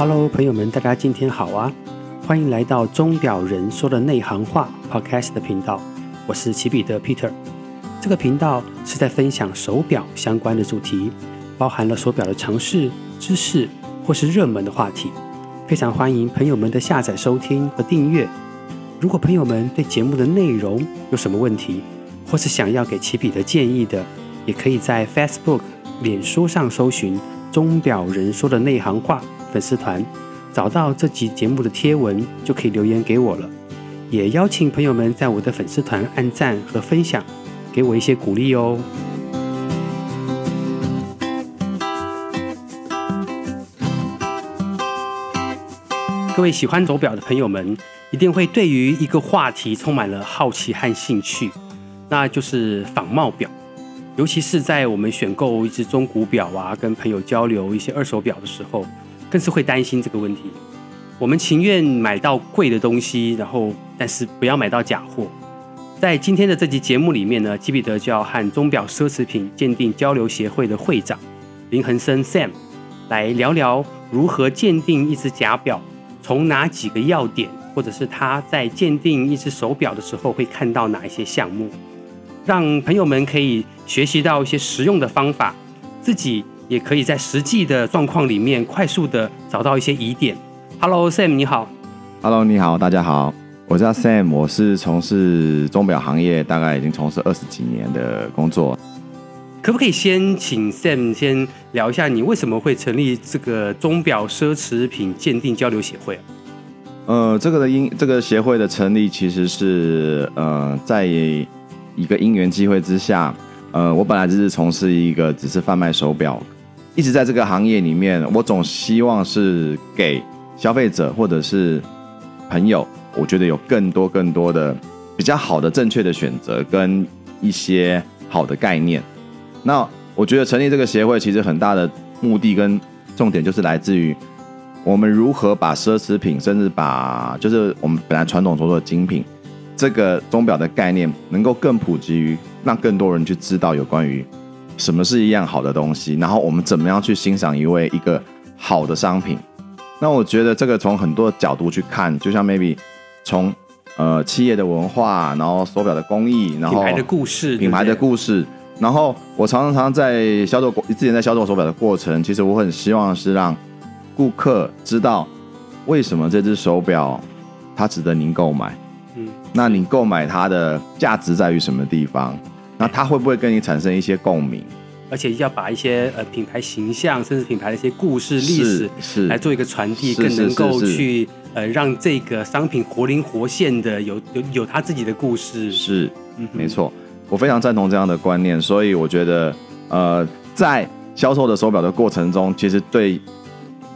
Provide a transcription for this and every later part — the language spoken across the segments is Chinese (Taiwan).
Hello，朋友們，大家今天好啊！歡迎來到《鐘錶人說的內行話》Podcast 的頻道，我是齊彼得 Peter。這個頻道是在分享手錶相關的主題，包含了手錶的常識、知識或是熱門的話題。非常歡迎朋友們的下載、收聽和訂閱。如果朋友們對節目的內容有什麼問題，或是想要給齊彼得建議的，也可以在 Facebook、臉書上搜尋《鐘錶人說的內行話》。粉絲團找到這集節目的貼文，就可以留言給我了。也邀請朋友們在我的粉絲團按讚和分享，給我一些鼓勵哦。各位喜歡手表的朋友們，一定會對於一個話題充滿了好奇和興趣，那就是仿冒表。尤其是在我們選購一只中古表啊，跟朋友交流一些二手表的時候。更是會擔心這個問題。我們情願買到貴的東西，然後但是不要買到假貨。在今天的這期節目裡面呢，齊彼得就要和鐘表奢侈品鑑定交流協會的會長林恆生 Sam 來聊聊如何鑑定一只假表，從哪幾個要點，或者是他在鑑定一只手表的時候會看到哪一些項目，讓朋友們可以學習到一些實用的方法，自己。也可以在實際的狀況裡面快速的找到一些疑點。Hello Sam，你好。Hello，你好，大家好，我叫 Sam，我是從事鐘錶行業，大概已經從事二十幾年的工作。可不可以先請 Sam 先聊一下，你為什麼會成立這個鐘錶奢侈品鑑定交流協會？呃、嗯，這個的因，這個協會的成立其實是呃、嗯，在一個因緣機會之下，呃、嗯，我本來就是從事一個只是販賣手錶。一直在這個行業裡面，我總希望是給消費者或者是朋友，我覺得有更多更多的比較好的正確的選擇跟一些好的概念。那我覺得成立這個協會其實很大的目的跟重點就是來自於我們如何把奢侈品，甚至把就是我們本來傳統所說的精品這個鐘錶的概念，能夠更普及於讓更多人去知道有關於。什麼是一樣好的東西？然後我們怎麼樣去欣賞一位一個好的商品？那我覺得這個從很多角度去看，就像 maybe 從呃企業的文化，然後手錶的工藝，然後品牌的故事，品牌的故事。對不對？品牌的故事，然後我常常在銷售過之前在銷售手錶的過程，其實我很希望是讓顧客知道為什麼這隻手錶它值得您購買。嗯，那您購買它的價值在於什麼地方？那他會不會跟你產生一些共鳴？而且要把一些呃品牌形象，甚至品牌的一些故事、歷史，是來做一個傳遞，更能夠去呃讓這個商品活靈活現的，有有有他自己的故事。是、嗯，沒錯，我非常贊同這樣的觀念。所以我覺得，呃，在銷售的手錶的過程中，其實對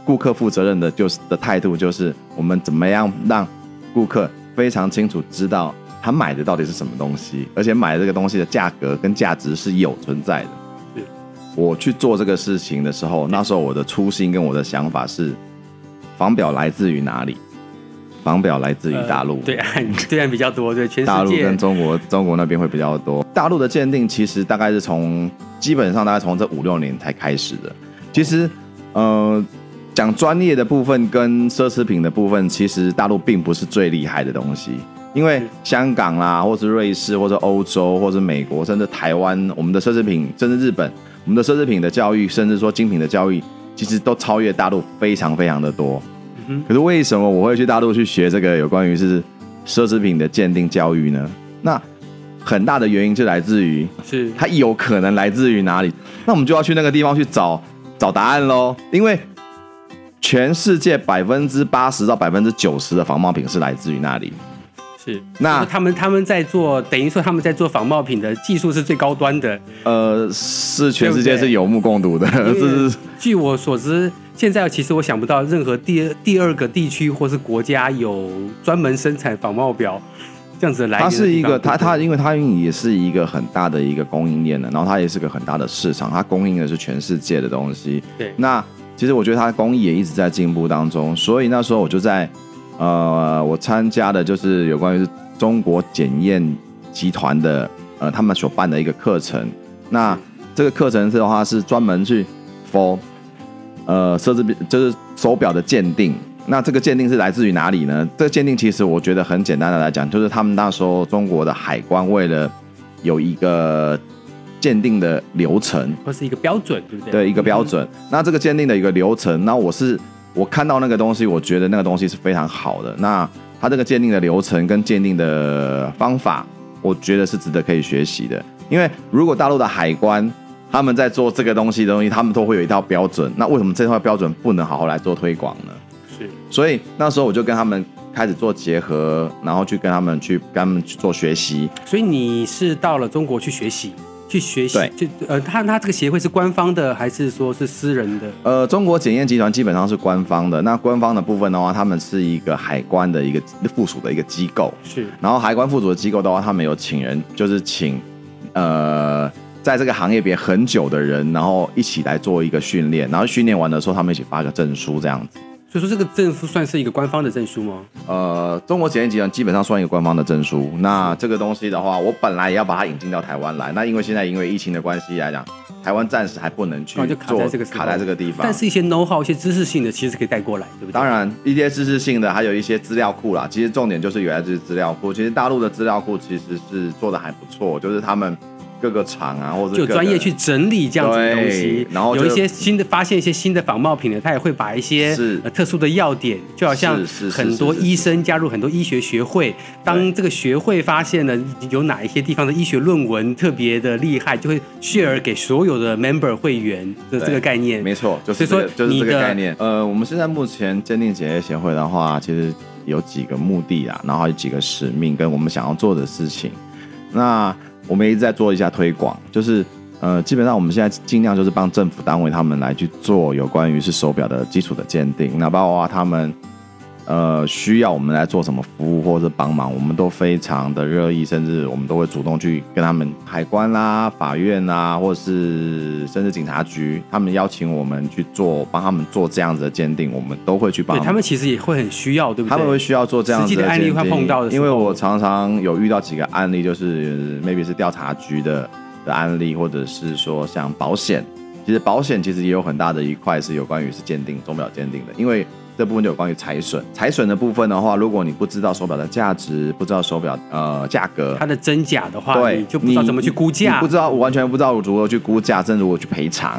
顧客負責任的就是的態度，就是我們怎麼樣讓顧客非常清楚知道。他買的到底是什麼東西？而且買這個東西的價格跟價值是有存在的。我去做這個事情的時候，那時候我的初心跟我的想法是：仿錶來自於哪裡？仿錶來自於大陸、呃。對岸，對岸比較多。對，其實大陸跟中國，中國那邊會比較多。大陸的鑑定其實大概是從基本上大概從這五六年才開始的。其實，呃，講專業的部分跟奢侈品的部分，其實大陸並不是最厲害的東西。因為香港啦、啊，或是瑞士，或是歐洲，或是美國，甚至台灣，我們的奢侈品，甚至日本，我們的奢侈品的教育，甚至說精品的教育，其實都超越大陸非常非常的多，嗯。可是為什麼我會去大陸去學這個有關於是奢侈品的鑑定教育呢？那很大的原因就來自於是它有可能來自於哪裡？那我們就要去那個地方去找找答案嘍。因為全世界百分之八十到百分之九十的仿冒品是來自於哪裡？是，那、就是、他們那他們在做，等於說他們在做仿冒品的技術是最高端的。呃，是全世界是有目共睹的。是，據我所知，現在其實我想不到任何第二第二個地區或是國家有專門生產仿冒表這樣子來源。它是一個，它它因為它也是一個很大的一個供應鏈的，然後它也是個很大的市場，它供應的是全世界的東西。對，那其實我覺得它的工藝也一直在進步當中，所以那時候我就在。呃，我參加的就是有關於中國檢驗集團的，呃，他們所辦的一個課程。那這個課程是的話是專門去 for 呃設置，就是手錶的鑑定。那這個鑑定是來自於哪裡呢？這個鑑定其實我覺得很簡單的來講，就是他們那時候中國的海關為了有一個鑑定的流程，或是一個標準，對不對？對，一個標準。那這個鑑定的一個流程，那我是。我看到那個東西，我覺得那個東西是非常好的。那它這個鑑定的流程跟鑑定的方法，我覺得是值得可以學習的。因為如果大陸的海關他們在做這個東西的東西，他們都會有一套標準。那為什麼這套標準不能好好來做推廣呢？是。所以那時候我就跟他們開始做結合，然後去跟他們去跟他們去做學習。所以你是到了中國去學習。去學習，就呃，他他這個協會是官方的還是說是私人的？呃，中國檢驗集團基本上是官方的。那官方的部分的話，他們是一個海關的一個附屬的一個機構。是。然後海關附屬的機構的話，他們有請人，就是請呃，在這個行業裡邊很久的人，然後一起來做一個訓練。然後訓練完的時候，他們一起發個證書，這樣子。就說這個證書算是一個官方的證書嗎？呃，中國檢驗集團基本上算一個官方的證書。那這個東西的話，我本來也要把它引進到台灣來。那因為現在因為疫情的關係來講，台灣暫時還不能去、啊、就卡在這個卡在這個地方。但是一些 know how，一些知識性的，其實可以帶過來，對不對？當然，一些知識性的，還有一些資料庫啦。其實重點就是有這些資料庫。其實大陸的資料庫其實是做得還不錯，就是他們。各個廠啊，或者就專業去整理這樣子的東西，然後有一些新的發現，一些新的仿冒品呢，他也會把一些、呃、特殊的要點，就好像很多醫生加入很多醫學學會，是是是是是是，當這個學會發現了有哪一些地方的醫學論文特別的厲害，就會 share 給所有的 member 會員的這個概念。沒錯，就是、這個、所以說你的、就是、這個概念。呃，我們現在目前鑑定檢測交流協會的話，其實有幾個目的啊，然後有幾個使命跟我們想要做的事情，那。我們一直在做一下推廣，就是，呃，基本上我們現在盡量就是幫政府單位他們來去做有關於是手表的基礎的鑑定，哪怕我啊他們。呃，需要我們來做什麼服務或者是幫忙，我們都非常的熱意，甚至我們都會主動去跟他們海關啦、法院啊，或者是甚至警察局，他們邀請我們去做幫他們做這樣子的鑑定，我們都會去幫。他們其實也會很需要，對不對？他們會需要做這樣子的鑑定。實際的案例會碰到的，因為我常常有遇到幾個案例，就是、呃、maybe 是調查局的的案例，或者是說像保險，其實保險其實也有很大的一塊是有關於是鑑定鐘錶鑑定的，因為。這部分就有關於財損，財損的部分的話，如果你不知道手錶的價值，不知道手錶呃價格，它的真假的話，對，你就不知道怎麼去估價，不知道，我完全不知道如何去估價，真如何去賠償。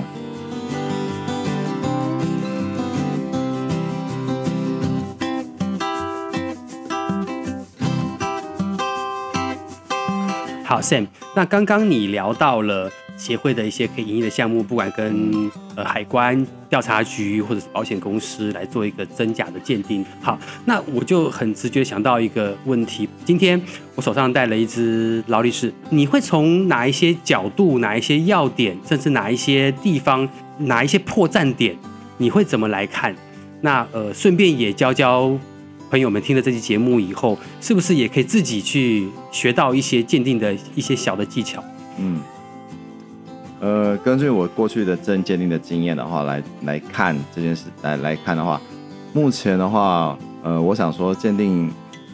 好，Sam，那剛剛你聊到了。協會的一些可以營業的項目，不管跟呃海關調查局或者是保險公司來做一個真假的鑑定。好，那我就很直覺想到一個問題：今天我手上戴了一只勞力士，你會從哪一些角度、哪一些要點，甚至哪一些地方、哪一些破綻點，你會怎麼來看？那呃，順便也教教朋友們，聽了這期節目以後，是不是也可以自己去學到一些鑑定的一些小的技巧？嗯。呃，根據我過去的真鑑定的經驗的話，來來看這件事，來來看的話，目前的話，呃，我想說鑑定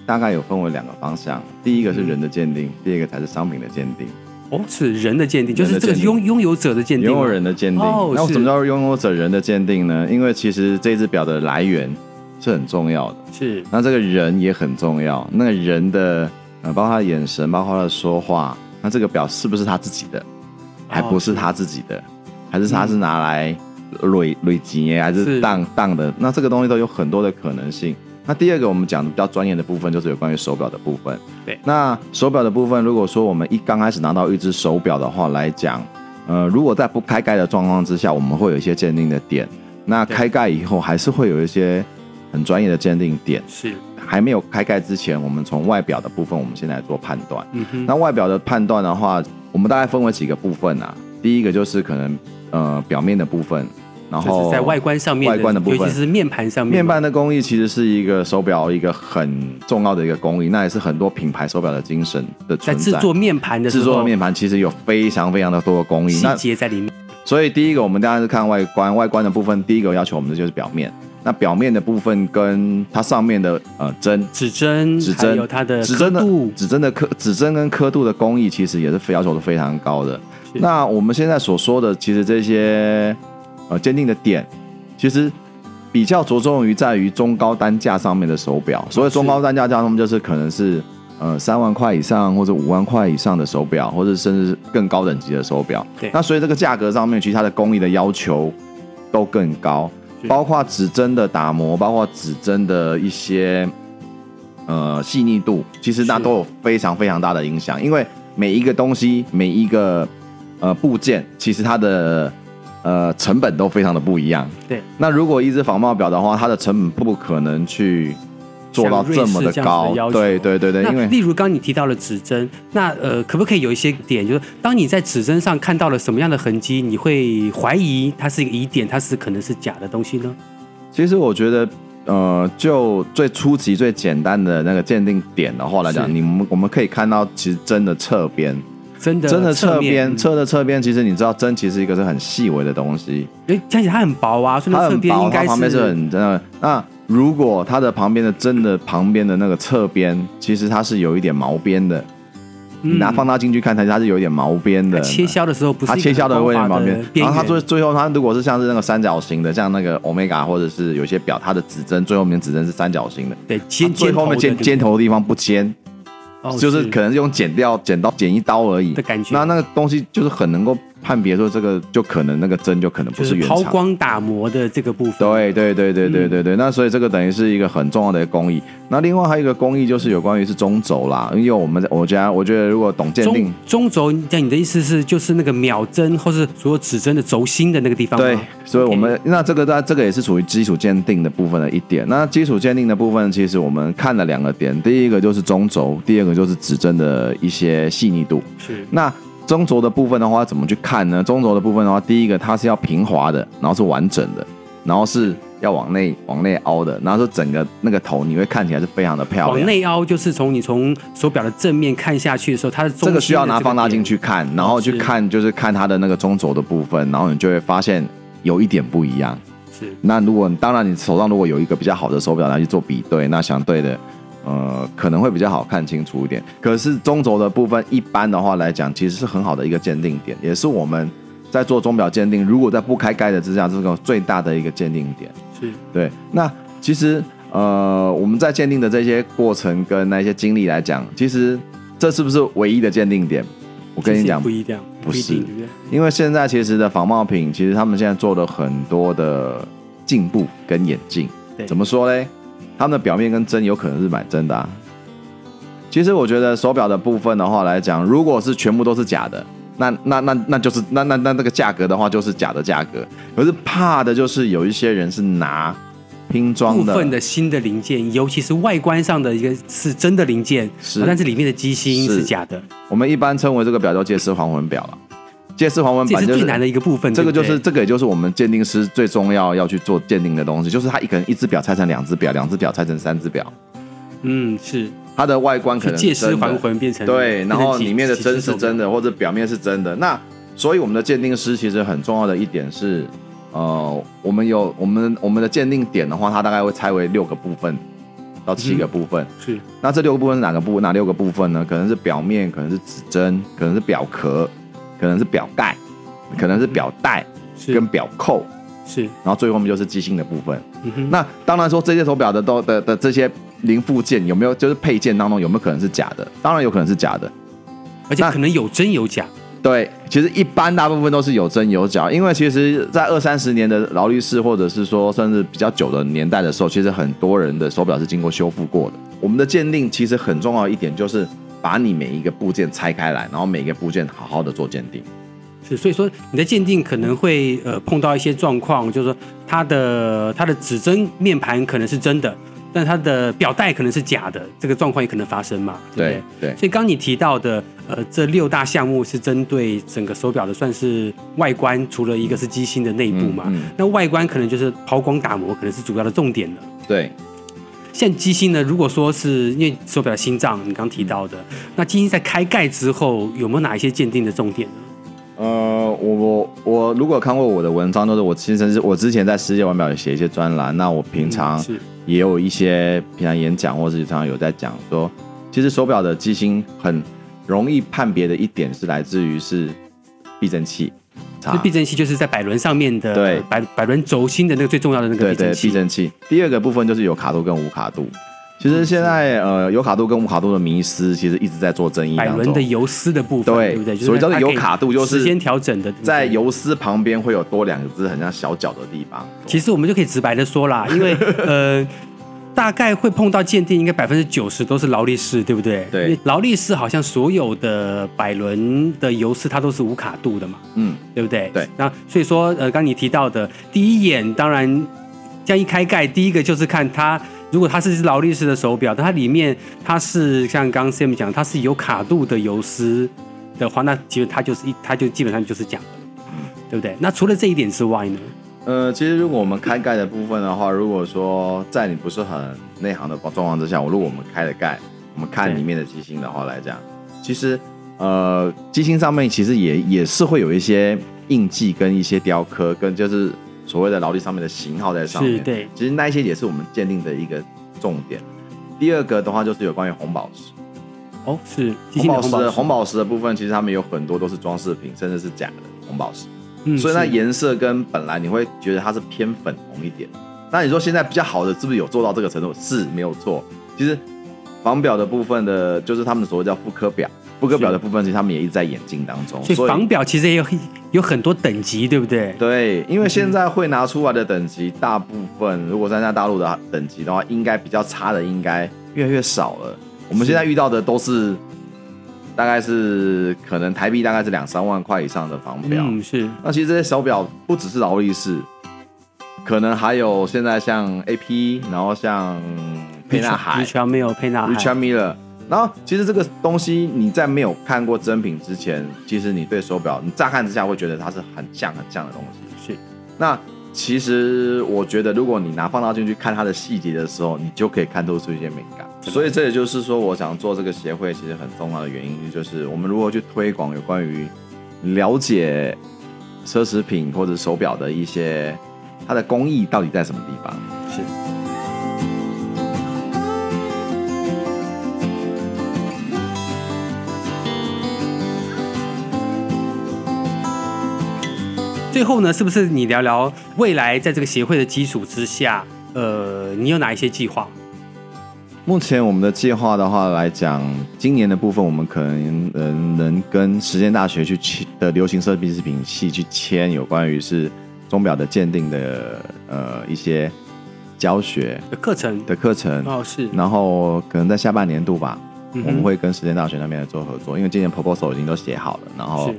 大概有分為兩個方向，第一個是人的鑑定，第二個才是商品的鑑定。嗯。哦，是人的鑑定，定，就是這個擁擁有者的鑑定。擁有人的鑑定，哦。那我怎麼叫做擁有者人的鑑定呢？因為其實這只表的來源是很重要的，是。那這個人也很重要，那個人的呃，包括他的眼神，包括他的說話，那這個表是不是他自己的？還不是他自己的，哦、是還是他是拿來累累積，還是當當的？那這個東西都有很多的可能性。那第二個我們講的比較專業的部分，就是有關於手錶的部分。對，那手錶的部分，如果說我們一剛開始拿到一只手錶的話來講，呃，如果在不開蓋的狀況之下，我們會有一些鑑定的點。那開蓋以後，還是會有一些很專業的鑑定點。是，還沒有開蓋之前，我們從外錶的部分，我們先來做判斷。嗯哼，那外錶的判斷的話。我們大概分為幾個部分啊，第一個就是可能呃錶面的部分，然後、就是、在外觀上面，外觀的部分，尤其是面盤上面。面盤的工藝其實是一個手錶一個很重要的一個工藝，那也是很多品牌手錶的精神的存在。在制作面盤的時候，制作面盤其實有非常非常的多的工藝細節在裡面。所以第一個我們當然是看外觀，外觀的部分，第一個要求我們的就是錶面。那表面的部分跟它上面的呃針指針指針有它的指針的指針的刻指針跟刻度的工藝其實也是非要求的非常高的。那我們現在所說的其實這些呃鑑定的點，其實比較着重於在於中高單價上面的手表。所謂中高單價，講什麼，就是可能是呃三萬塊以上或者五萬塊以上的手表，或者甚至更高等級的手表。對，那所以這個價格上面其實它的工藝的要求都更高。包括指針的打磨，包括指針的一些呃細膩度，其實那都有非常非常大的影響。因為每一個東西，每一個呃部件，其實它的呃成本都非常的不一樣。對，那如果一隻仿冒錶的話，它的成本不可能去做到這麼的高，的對對對對。因為例如剛你提到了指針，那呃，可不可以有一些點，就是當你在指針上看到了什麼樣的痕跡，你會懷疑它是一個疑點，它是可能是假的東西呢？其實我覺得，呃，就最初級、最簡單的那個鑑定點的話來講，你們我們可以看到，其實針的側邊，真的，真的側邊，車的側邊，其實你知道，針其實一個是很細微的東西。哎，看起來它很薄啊，所以側邊應該是。它旁邊是很真的如果它的旁邊的針的旁邊的那個側邊，其實它是有一點毛邊的。嗯、你拿放大鏡去看，它是它是有點毛邊的。切削的時候不是它切削的有點毛邊，然後它最最後它如果是像是那個三角形的，像那個歐米伽或者是有些錶，它的指針最後面指針是三角形的，對，最後面尖頭、就是、尖頭的地方不尖，哦、是就是可能是用剪掉剪刀剪一刀而已的感覺。那那個東西就是很能夠。判別說這個就可能那個針就可能不是原廠拋、就是、拋光打磨的這個部分。對對對對對對、嗯、對。那所以這個等於是一個很重要的工藝。那另外還有一個工藝就是有關於是中軸啦，因為我們我們家我覺得如果懂鑑定，中軸，在你的意思是就是那個秒針或是所有指針的軸心的那個地方嗎？對，所以我們、okay. 那這個當然這個也是屬於基礎鑑定的部分的一點。那基礎鑑定的部分其實我們看了兩個點，第一個就是中軸，第二個就是指針的一些細膩度。是，那。中軸的部分的話，怎麼去看呢？中軸的部分的話，第一個它是要平滑的，然後是完整的，然後是要往內往內凹的，然後是整個那個頭你會看起來是非常的漂亮。往內凹就是從你從手錶的正面看下去的時候，它的這個，這個需要拿放大鏡去看，嗯，然後去看是就是看它的那個中軸的部分，然後你就會發現有一點不一樣。是，那如果當然你手上如果有一個比較好的手錶拿去做比對，那相對的。呃，可能會比較好看清楚一點。可是中軸的部分，一般的話來講，其實是很好的一個鑑定點，也是我們在做鐘錶鑑定，如果在不開蓋的之下，這個最大的一個鑑定點。是，對。那其實，呃，我們在鑑定的這些過程跟那些經歷來講，其實這是不是唯一的鑑定點？我跟你講，不一定，不是必定一定要、嗯。因為現在其實的仿冒品，其實他們現在做了很多的進步跟演進。對，怎麼說呢？他們的表面跟真有可能是買真的啊。其實我覺得手錶的部分的話來講，如果是全部都是假的，那那那那就是那那那，那這個價格的話就是假的價格。可是怕的就是有一些人是拿拼裝的部分的新的零件，尤其是外觀上的一個是真的零件，是啊、但是裡面的機芯是假的是。我們一般稱為這個錶叫“借屍還魂錶”。借屍還魂錶是最難的一個部分，這個就是這個，也就是我們鑑定師最重要要去做鑑定的東西，就是它可能一隻表拆成兩隻表，兩隻表拆成三隻表。嗯，是它的外觀可能借屍還魂變成對，然後裡面的針是真的或者表面是真的。那所以我們的鑑定師其實很重要的一點是，呃，我們有我們我們的鑑定點的話，它大概會拆為六個部分到七個部分，嗯。是，那這六個部分是哪個部哪六個部分呢？可能是表面，可能是指針，可能是表殼。可能是錶蓋，可能是錶帶，跟錶扣是，然後最後面就是機芯的部分。嗯哼，那當然說這些手錶的都的的，的這些零附件有沒有就是配件當中有沒有可能是假的？當然有可能是假的，而且那可能有真有假。對，其實一般大部分都是有真有假，因為其實，在二三十年的勞力士或者是說甚至比較久的年代的時候，其實很多人的手錶是經過修復過的。我們的鑑定其實很重要一點就是。把你每一個部件拆開來，然後每個部件好好的做鑑定。是，所以說你的鑑定可能會呃碰到一些狀況，就是說它的它的指針面盤可能是真的，但它的錶帶可能是假的，這個狀況也可能發生嘛。對、okay? 對。所以剛剛你提到的呃這六大項目是針對整個手錶的，算是外觀，除了一個是機芯的內部嘛，嗯，那外觀可能就是拋光打磨，可能是主要的重點了。對。像機芯呢，如果說是因為手錶的心臟，你剛剛提到的，那機芯在開蓋之後有沒有哪一些鑑定的重點呢？呃，我我我如果看過我的文章，都、就是我親身是，我之前在《世界腕錶》寫一些專欄，那我平常也有一些、嗯、平常演講，或是常常有在講說，其實手錶的機芯很容易判別的一點是來自於是避震器。避震器就是在擺輪上面的，對，擺擺輪軸心的那個最重要的那個避震器，對對對，避震器。第二個部分就是有卡度跟無卡度。其實現在、嗯、呃有卡度跟無卡度的迷思，其實一直在做爭議。擺輪的游絲的部分，對，對不對？所以這個有卡度就是先調整的，整的在游絲旁邊會有多兩隻很像小腳的地方。其實我們就可以直白的說啦，因為 呃。大概會碰到鑑定，應該百分之九十都是勞力士，對不對？對。勞力士好像所有的擺輪的游絲，它都是無卡度的嘛，嗯，對不對？對。那所以說，呃，剛剛你提到的，第一眼當然，這樣一開蓋，第一個就是看它，如果它是勞力士的手錶，但它裡面它是像剛 Sam 講，它是有卡度的游絲的話，那其實它就是一，它就基本上就是講的，對不對？那除了這一點之外呢？呃，其實如果我們開蓋的部分的話，如果說在你不是很內行的狀況之下，我如果我們開了蓋，我們看裡面的機芯的話來講，其實呃機芯上面其實也也是會有一些印記跟一些雕刻，跟就是所謂的勞力上面的型號在上面。對。其實那一些也是我們鑑定的一個重點。第二個的話就是有關於紅寶石。哦，是。紅寶石紅寶石的部分其，哦、部分其實他們有很多都是裝飾品，甚至是假的紅寶石。嗯、所以那顏色跟本來你會覺得它是偏粉紅一點，那你說現在比較好的是不是有做到這個程度？是沒有錯。其實，仿錶的部分的，就是他們所謂叫複刻錶，複刻錶的部分其實他們也一直在演進當中。所以仿表其實也有有很多等級，對不對？對，因為現在會拿出來的等級，大部分如果在大陸的等級的話，應該比較差的應該越來越少了。我們現在遇到的都是。大概是可能台幣大概是兩三萬塊以上的仿表，嗯，是。那其實這些手表不只是勞力士，可能還有現在像 A.P.，然後像沛納海，全沒有沛納海，全沒了。Richard Miller，然後其實這個東西你在沒有看過真品之前，其實你對手表你乍看之下會覺得它是很像很像的東西。是。那其實我覺得如果你拿放大鏡去看它的細節的時候，你就可以看出一些美感。所以這也就是說，我想做這個協會其實很重要的原因，就是我們如何去推廣有關於了解奢侈品或者手表的一些它的工藝到底在什麼地方。是。最後呢，是不是你聊聊未來在這個協會的基礎之下，呃，你有哪一些計劃？目前我們的計劃的話來講，今年的部分我們可能能能跟實踐大學去簽的流行設計製品系，去簽有關於是鐘錶的鑑定的呃一些教學的課程的課程哦，是，然後可能在下半年度吧，嗯、我們會跟實踐大學那邊來做合作，因為今年 proposal 已經都寫好了，然後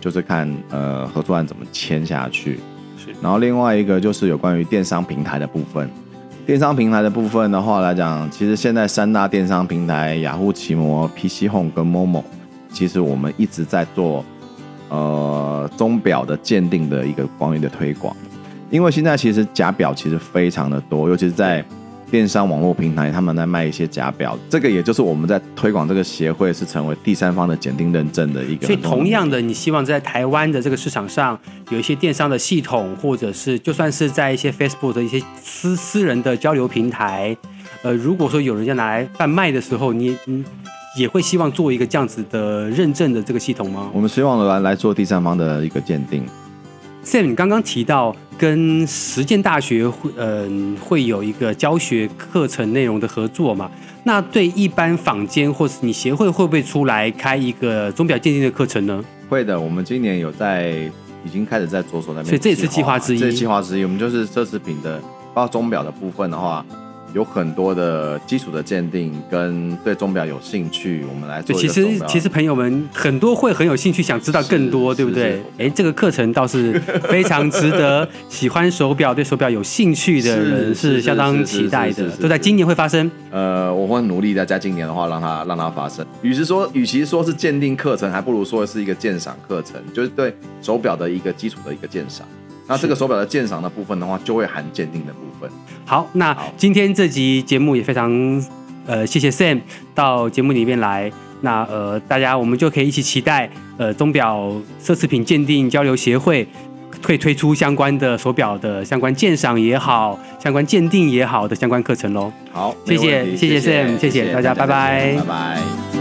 就是看呃合作案怎麼簽下去是，然後另外一個就是有關於電商平台的部分。電商平台的部分的話來講，其實現在三大電商平台雅虎、奇摩、PC Home 跟 Momo 其實我們一直在做呃鐘表的鑑定的一個關於的推廣，因為現在其實假表其實非常的多，尤其是在。電商網絡平台，他們來賣一些假錶，這個也就是我們在推廣這個協會是成為第三方的鑑定認證的一個的。所以，同樣的，你希望在台灣的這個市場上，有一些電商的系統，或者是就算是在一些 Facebook 的一些私私人的交流平台，呃，如果說有人家來販賣的時候，你你、嗯、也會希望做一個這樣子的認證的這個系統嗎？我們希望來來做第三方的一個鑑定。Sam，你剛剛提到跟實踐大學會，嗯、呃，會有一個教學課程內容的合作嘛？那對一般坊間或是你協會會不會出來開一個鐘錶鑑定的課程呢？會的，我們今年有在已經開始在着手那邊，所以這也是計劃之一。哦、這是計劃之一，我們就是奢侈品的，包括鐘錶的部分的話。有很多的基礎的鑑定跟對鐘錶有興趣，我們來做。對，其實其實朋友們很多會很有興趣，想知道更多，對不對？哎，這個課程倒是非常值得 喜歡手錶、對手錶有興趣的人是相當期待的，都在今年會發生。呃，我會努力的在今年的話讓它、讓它發生。與其說、與其說是鑑定課程，還不如說是一個鑑賞課程，就是對手錶的一個基礎的一個鑑賞。那這個手錶的鑑賞的部分的話，就會含鑑定的部分。好，那今天這集節目也非常，呃，謝謝 Sam 到節目裡面來。那呃，大家我們就可以一起期待，呃，鐘錶奢侈品鑑定交流協會會推出相關的手錶的相關鑑賞也好，相關鑑定也好的相關課程嘍。好，謝謝謝謝 Sam，謝謝，謝，謝，謝謝大家，拜拜拜拜。